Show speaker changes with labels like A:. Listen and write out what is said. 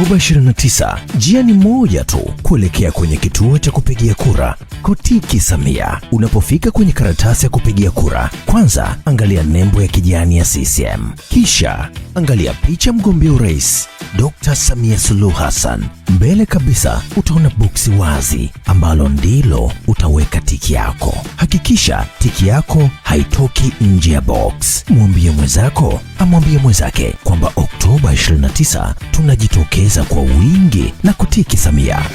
A: Oktoba 29, njia ni moja tu kuelekea kwenye kituo cha kupigia kura Kotiki Samia. Unapofika kwenye karatasi ya kupigia kura, kwanza angalia nembo ya kijani ya CCM, kisha angalia picha mgombea urais Dr. Samia Suluhu Hassan. Mbele kabisa utaona boksi wazi ambalo ndilo utaweka tiki yako. Hakikisha tiki yako haitoki nje ya box mwenzako amwambie mwenzake kwamba Oktoba 29 tunajitokeza kwa wingi na kutiki Samia.